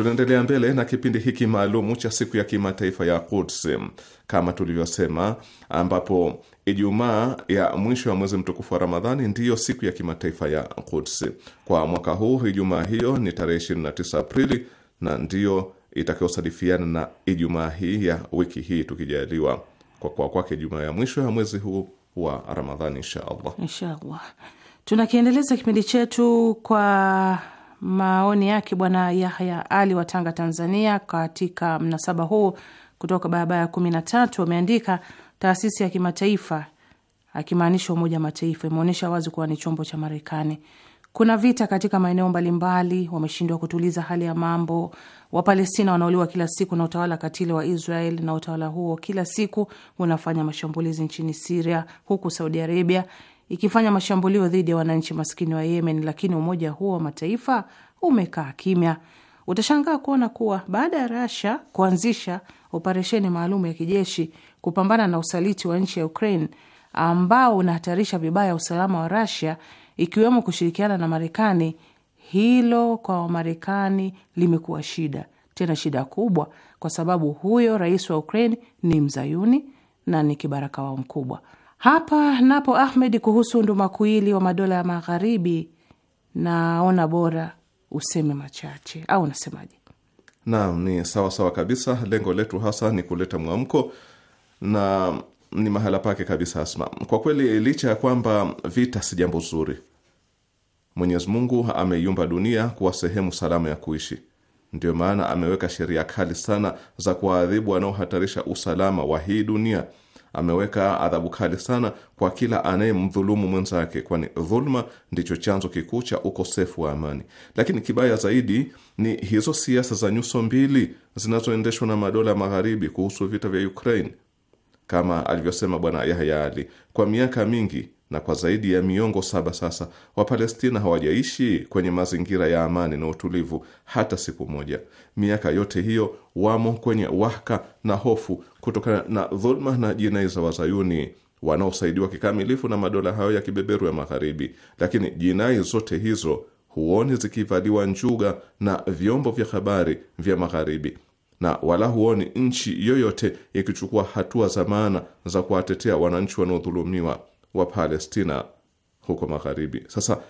[SPEAKER 3] Tunaendelea mbele na kipindi hiki maalumu cha siku ya kimataifa ya Quds kama tulivyosema, ambapo Ijumaa ya mwisho ya mwezi mtukufu wa Ramadhani ndiyo siku ya kimataifa ya Quds. Kwa mwaka huu Ijumaa hiyo ni tarehe 29 Aprili na ndiyo itakayosadifiana na Ijumaa hii ya wiki hii tukijaliwa, kwa kuwa kwake Ijumaa ya mwisho ya mwezi huu wa Ramadhani, inshaallah,
[SPEAKER 5] inshaallah. tunakiendeleza kipindi chetu kwa maoni yake Bwana Yahya Ali wa Tanga, Tanzania, katika mnasaba huu kutoka barabara ya kumi na tatu ameandika taasisi ya kimataifa akimaanisha Umoja wa Mataifa imeonyesha wazi kuwa ni chombo cha Marekani. Kuna vita katika maeneo mbalimbali, wameshindwa kutuliza hali ya mambo. Wapalestina wanauliwa kila siku na utawala katili wa Israel, na utawala huo kila siku unafanya mashambulizi nchini Siria, huku Saudi Arabia ikifanya mashambulio dhidi ya wananchi maskini wa Yemen, lakini umoja huo wa mataifa umekaa kimya. Utashangaa kuona kuwa baada ya Russia kuanzisha operesheni maalum ya kijeshi kupambana na usaliti wa nchi ya Ukraine ambao unahatarisha vibaya usalama wa Russia, ikiwemo kushirikiana na Marekani, hilo kwa Wamarekani limekuwa shida, tena shida kubwa, kwa sababu huyo rais wa Ukraine ni mzayuni na ni kibaraka wao mkubwa. Hapa napo Ahmed, kuhusu undumakuili wa madola ya magharibi, naona bora useme machache, au unasemaje?
[SPEAKER 3] Naam, ni sawa sawa kabisa. Lengo letu hasa ni kuleta mwamko na ni mahala pake kabisa Asma. Kwa kweli, licha ya kwamba vita si jambo zuri, Mwenyezi Mungu ameiumba dunia kuwa sehemu salama ya kuishi. Ndiyo maana ameweka sheria kali sana za kuwaadhibu wanaohatarisha usalama wa hii dunia ameweka adhabu kali sana kwa kila anayemdhulumu mwenzake, kwani dhuluma ndicho chanzo kikuu cha ukosefu wa amani. Lakini kibaya zaidi ni hizo siasa za nyuso mbili zinazoendeshwa na madola magharibi kuhusu vita vya Ukraine. Kama alivyosema Bwana Yahya Ali, kwa miaka mingi na kwa zaidi ya miongo saba sasa Wapalestina hawajaishi kwenye mazingira ya amani na utulivu hata siku moja. Miaka yote hiyo wamo kwenye wahaka na hofu kutokana na dhuluma na jinai za Wazayuni wanaosaidiwa kikamilifu na madola hayo ya kibeberu ya Magharibi, lakini jinai zote hizo huoni zikivaliwa njuga na vyombo vya habari vya Magharibi na wala huoni nchi yoyote ikichukua hatua za maana za kuwatetea wananchi wanaodhulumiwa wa Palestina huko magharibi. Sasa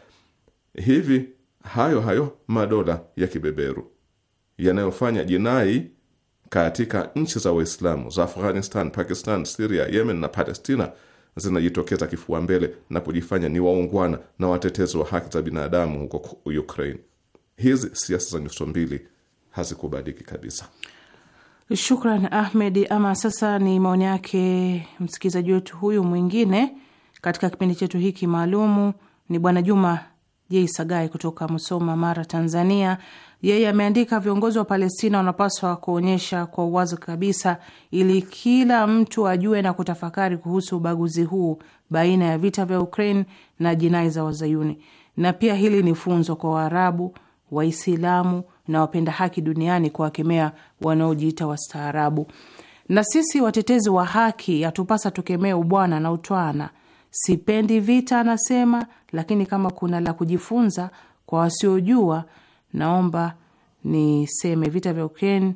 [SPEAKER 3] hivi hayo hayo madola ya kibeberu yanayofanya jinai katika nchi za Waislamu za Afghanistan, Pakistan, Syria, Yemen na Palestina zinajitokeza kifua mbele na kujifanya ni waungwana na watetezi wa haki za binadamu huko Ukraine. Hizi siasa za nyuso mbili hazikubaliki kabisa.
[SPEAKER 5] Shukran Ahmed. Ama sasa ni maoni yake msikilizaji wetu huyu mwingine katika kipindi chetu hiki maalumu ni Bwana Juma Jei Sagai kutoka Musoma, Mara, Tanzania. Yeye ameandika, viongozi wa Palestina wanapaswa kuonyesha kwa uwazi kabisa, ili kila mtu ajue na kutafakari kuhusu ubaguzi huu baina ya vita vya Ukraine na jinai za Wazayuni. Na pia hili ni funzo kwa Waarabu, Waislamu na wapenda haki duniani kuwakemea wanaojiita wastaarabu. Na sisi watetezi wa haki hatupasa tukemee ubwana na utwana Sipendi vita, anasema, lakini kama kuna la kujifunza kwa wasiojua, naomba niseme vita vya Ukraine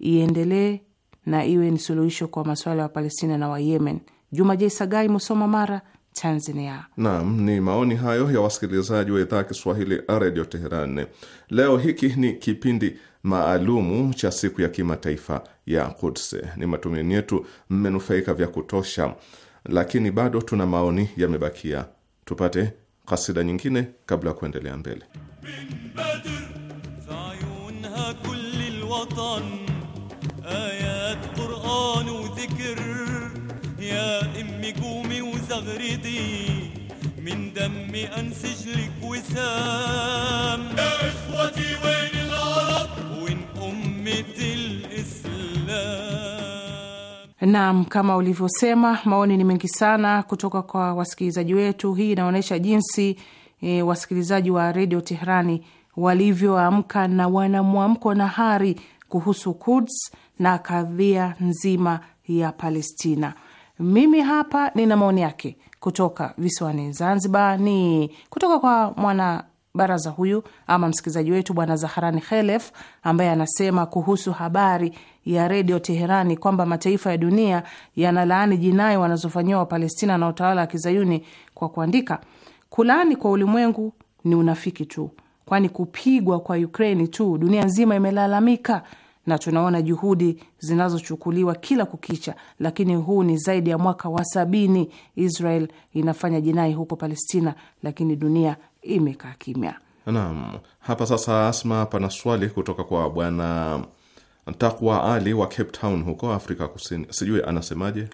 [SPEAKER 5] iendelee na iwe ni suluhisho kwa masuala ya Palestina na wayemen Juma J Sagai, Musoma, Mara, Tanzania.
[SPEAKER 3] Naam, ni maoni hayo ya wasikilizaji wa idhaa ya Kiswahili Redio Teheran. Leo hiki ni kipindi maalumu cha siku ya kimataifa ya Kudse. Ni matumaini yetu mmenufaika vya kutosha lakini bado tuna maoni yamebakia. Tupate kasida nyingine kabla ya kuendelea mbele.
[SPEAKER 5] Naam, kama ulivyosema, maoni ni mengi sana kutoka kwa wasikilizaji wetu. Hii inaonyesha jinsi e, wasikilizaji wa redio Teherani walivyoamka na wana mwamko na hari kuhusu Kuds na kadhia nzima ya Palestina. Mimi hapa nina maoni yake kutoka visiwani Zanzibar, ni kutoka kwa mwana baraza huyu ama msikilizaji wetu bwana Zaharani Khelef ambaye anasema kuhusu habari ya redio Teherani kwamba mataifa ya dunia yanalaani jinai wanazofanyiwa Wapalestina na utawala wa kizayuni kwa kuandika, kulaani kwa ulimwengu ni unafiki tu, kwani kupigwa kwa Ukraini tu dunia nzima imelalamika na tunaona juhudi zinazochukuliwa kila kukicha, lakini huu ni zaidi ya mwaka wa sabini Israel inafanya jinai huko Palestina, lakini dunia imekaa kimya.
[SPEAKER 3] Naam, hapa sasa, Asma, pana swali kutoka kwa bwana Takwa Ali wa Cape Town huko Afrika Kusini. Sijui anasemaje.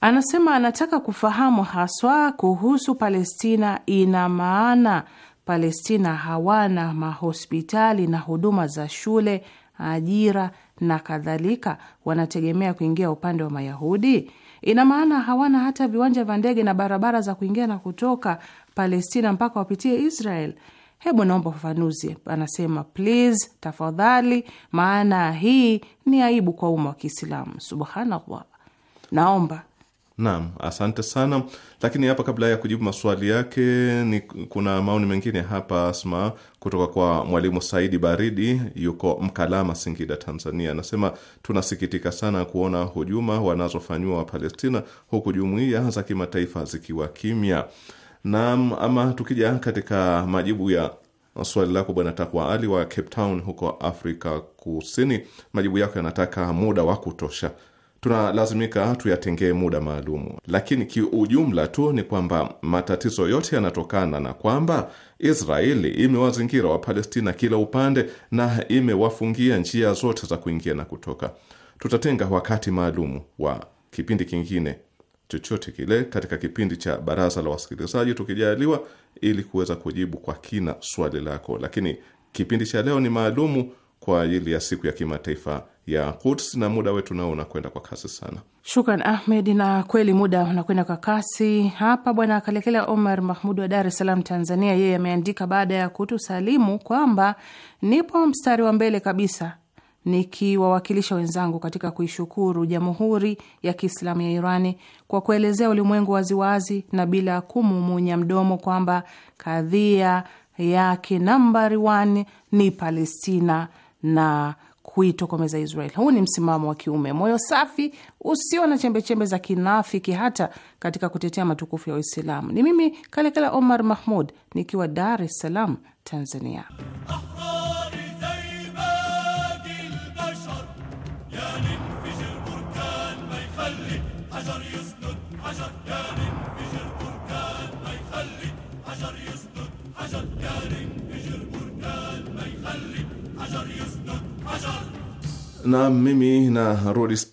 [SPEAKER 5] Anasema anataka kufahamu haswa kuhusu Palestina, ina maana Palestina hawana mahospitali na huduma za shule, ajira na kadhalika, wanategemea kuingia upande wa Mayahudi? Ina maana hawana hata viwanja vya ndege na barabara za kuingia na kutoka, Palestina mpaka wapitie Israel? Hebu naomba ufafanuzi. Anasema please, tafadhali, maana hii ni aibu kwa umma wa Kiislamu. Subhanallah, naomba
[SPEAKER 3] Naam, asante sana. Lakini hapa kabla ya kujibu maswali yake ni kuna maoni mengine hapa Asma, kutoka kwa mwalimu Saidi Baridi, yuko Mkalama, Singida, Tanzania. Anasema tunasikitika sana kuona hujuma wanazofanyiwa Wapalestina, huku jumuiya za kimataifa zikiwa kimya. Naam, ama tukija katika majibu ya swali lako Bwana Takwa Ali wa Cape Town huko Afrika Kusini, majibu yako yanataka muda wa kutosha, tunalazimika tuyatengee muda maalumu, lakini kiujumla tu ni kwamba matatizo yote yanatokana na kwamba Israeli imewazingira wa Palestina kila upande na imewafungia njia zote za kuingia na kutoka. Tutatenga wakati maalumu wa kipindi kingine chochote kile katika kipindi cha baraza la wasikilizaji tukijaliwa, ili kuweza kujibu kwa kina swali lako. Lakini kipindi cha leo ni maalumu kwa ajili ya siku ya kimataifa ya Quds na muda wetu nao unakwenda kwa kasi sana.
[SPEAKER 5] Shukran Ahmed, na kweli muda unakwenda kwa kasi hapa. Bwana Kalekela Omar Mahmud wa Dar es Salaam, Tanzania, yeye ameandika baada ya kutusalimu kwamba nipo mstari wa mbele kabisa nikiwawakilisha wenzangu katika kuishukuru Jamhuri ya Kiislamu ya Irani kwa kuelezea ulimwengu waziwazi na bila kumumunya mdomo kwamba kadhia yake nambari ni Palestina na kuitokomeza Israel. Huu ni msimamo wa kiume, moyo safi, usio na chembechembe za kinafiki, hata katika kutetea matukufu ya Uislamu. Ni mimi Kalekela Omar Mahmud nikiwa Dar es Salaam, Tanzania.
[SPEAKER 6] حجر يا بركان ما يخلي حجر حجر يا بركان
[SPEAKER 3] ما يخلي حجر حجر na mimi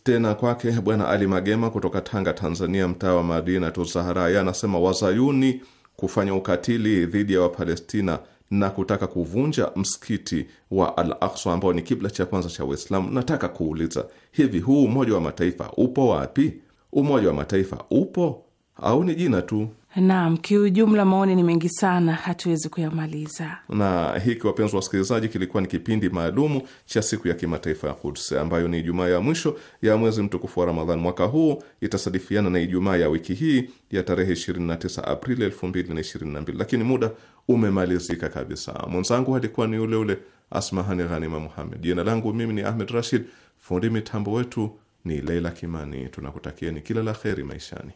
[SPEAKER 3] tena kwake Bwana Ali Magema kutoka Tanga, Tanzania, mtaa wa Madina tu Zaharaya, anasema wazayuni kufanya ukatili dhidi ya Wapalestina na kutaka kuvunja msikiti wa Al Aksa ambao ni kibla cha kwanza cha Uislamu. Nataka kuuliza hivi, huu Umoja wa Mataifa upo wapi? Umoja wa Mataifa upo au ni jina tu?
[SPEAKER 5] Naam, kiujumla maoni ni mengi sana, hatuwezi kuyamaliza.
[SPEAKER 3] Na hiki, wapenzi wasikilizaji, kilikuwa ni kipindi maalumu cha siku ya kimataifa ya Quds ambayo ni Ijumaa ya mwisho ya mwezi mtukufu wa Ramadhani. Mwaka huu itasadifiana na Ijumaa ya wiki hii ya tarehe 29 Aprili 2022, lakini muda umemalizika kabisa. Mwenzangu alikuwa ni yule yule Asmahani Ghanima Muhammed. Jina langu mimi ni Ahmed Rashid, fundi mitambo wetu ni Leila Kimani. tunakutakia ni kila la kheri maishani.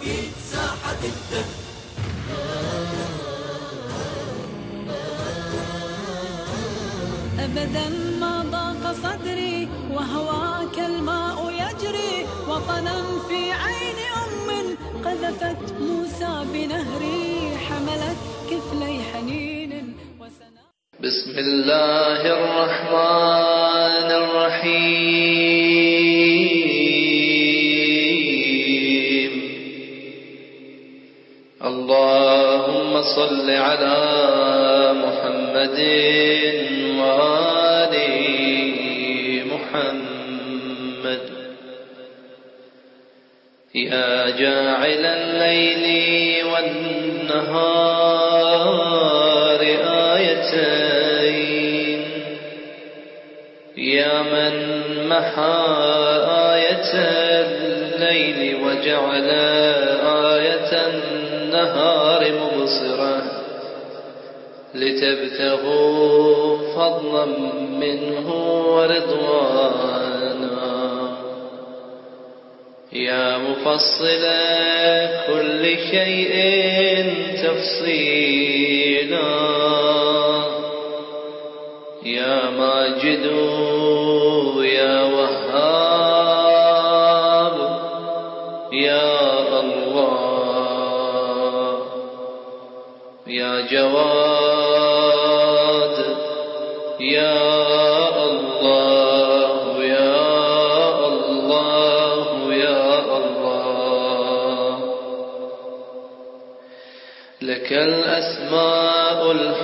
[SPEAKER 6] في
[SPEAKER 7] ساحة أبدا ما ضاق صدري وهواك الماء يجري وطنا في عين أم قذفت موسى بنهري حملت كفلي حنين وسنا بسم الله الرحمن الرحيم
[SPEAKER 8] الله وصل على محمد وآل محمد يا جاعل الليل والنهار آيتين يا من محى آية الليل وجعل آية النهار مبصرا لتبتغوا فضلا منه ورضوانا يا مفصل كل شيء تفصيلا يا ماجد يا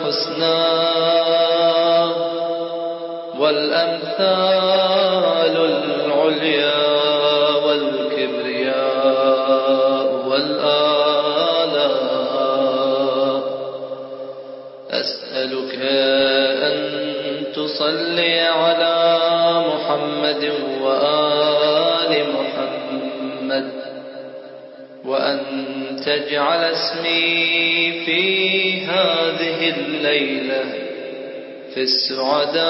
[SPEAKER 8] الحسنى والأمثال العليا والكبرياء والآلاء أسألك أن تصلي على محمد وآله تجعل اسمي في هذه الليلة في السعداء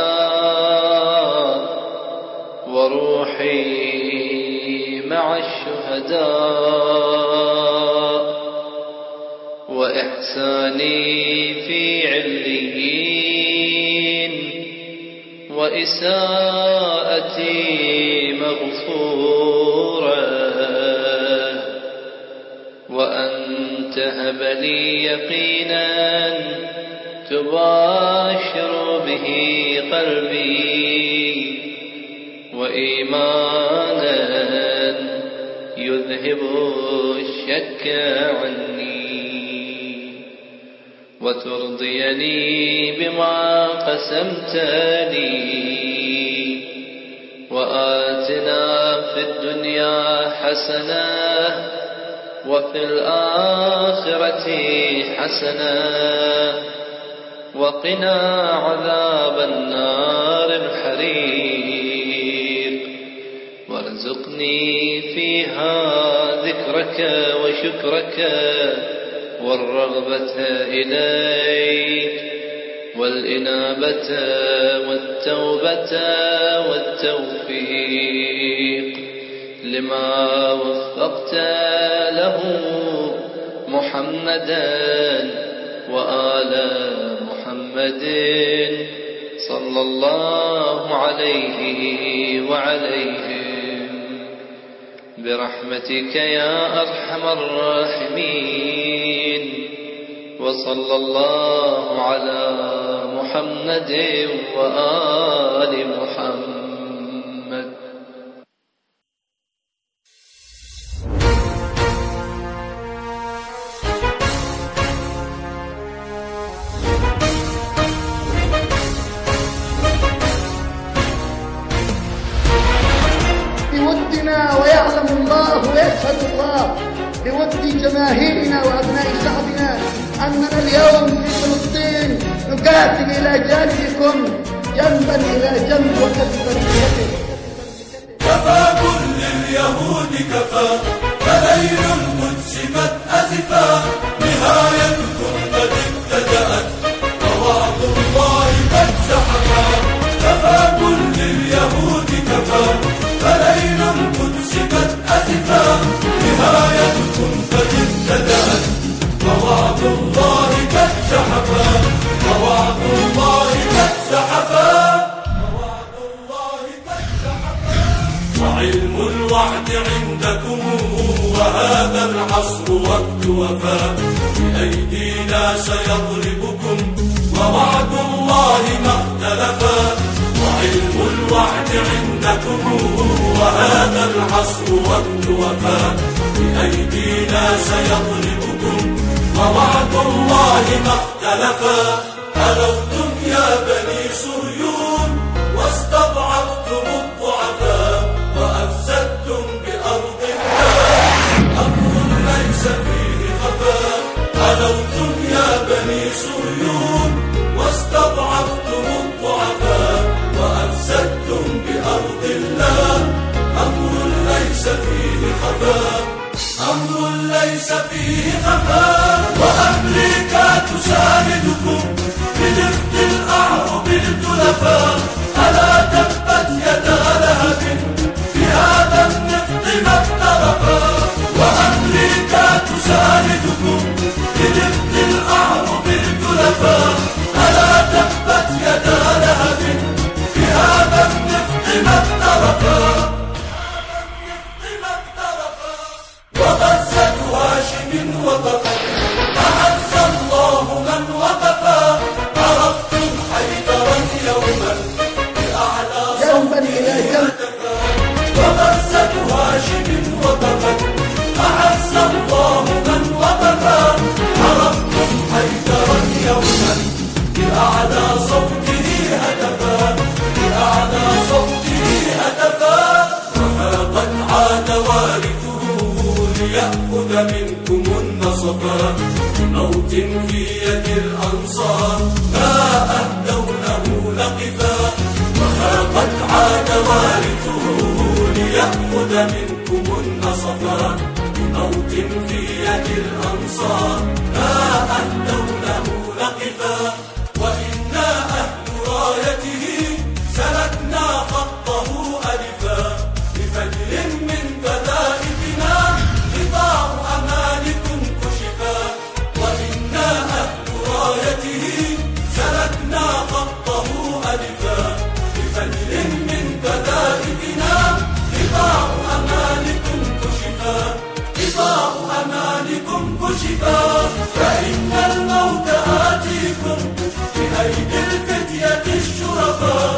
[SPEAKER 8] وروحي مع الشهداء وإحساني في عليين وإساءتي مغفور أنت أبلي يقينا تباشر به قلبي وإيمانا يذهب الشك عني وترضيني بما قسمت لي وآتنا في الدنيا حسنه وفي الآخرة حسنة وقنا عذاب النار الحريق وارزقني فيها ذكرك وشكرك والرغبة إليك والإنابة والتوبة والتوفيق لما وفقت له محمدا وآل محمد صلى الله عليه وعليهم برحمتك يا أرحم الراحمين وصلى الله على محمد وآل محمد
[SPEAKER 1] ويعلم الله ويشهد الله لود جماهيرنا وأبناء
[SPEAKER 6] شعبنا أننا اليوم في فلسطين نقاتل إلى جانبكم جنبا إلى جنب وكسبا بيده كفى كل اليهود كفى هذا العصر وقت وفاة بأيدينا سيضربكم ووعد الله ما اختلفا وعلم الوعد عندكم وهذا العصر وقت وفاة بأيدينا سيضربكم ووعد الله ما اختلفا ألوتم يا بني سهيل الخميس يوم واستضعفتم الضعفاء وأفسدتم بأرض الله أمر ليس فيه خفاء أمر ليس فيه خفاء وأمريكا تساندكم برفق الأعرب التلفاء اخترقا وغزة هاشم وطفت منكم النصفا موت في يد الأنصار ما أهدوا له لقفا وها عاد وارثه ليأخذ منكم النصفا موت في يد الأنصار ما أهدوا Mustafa.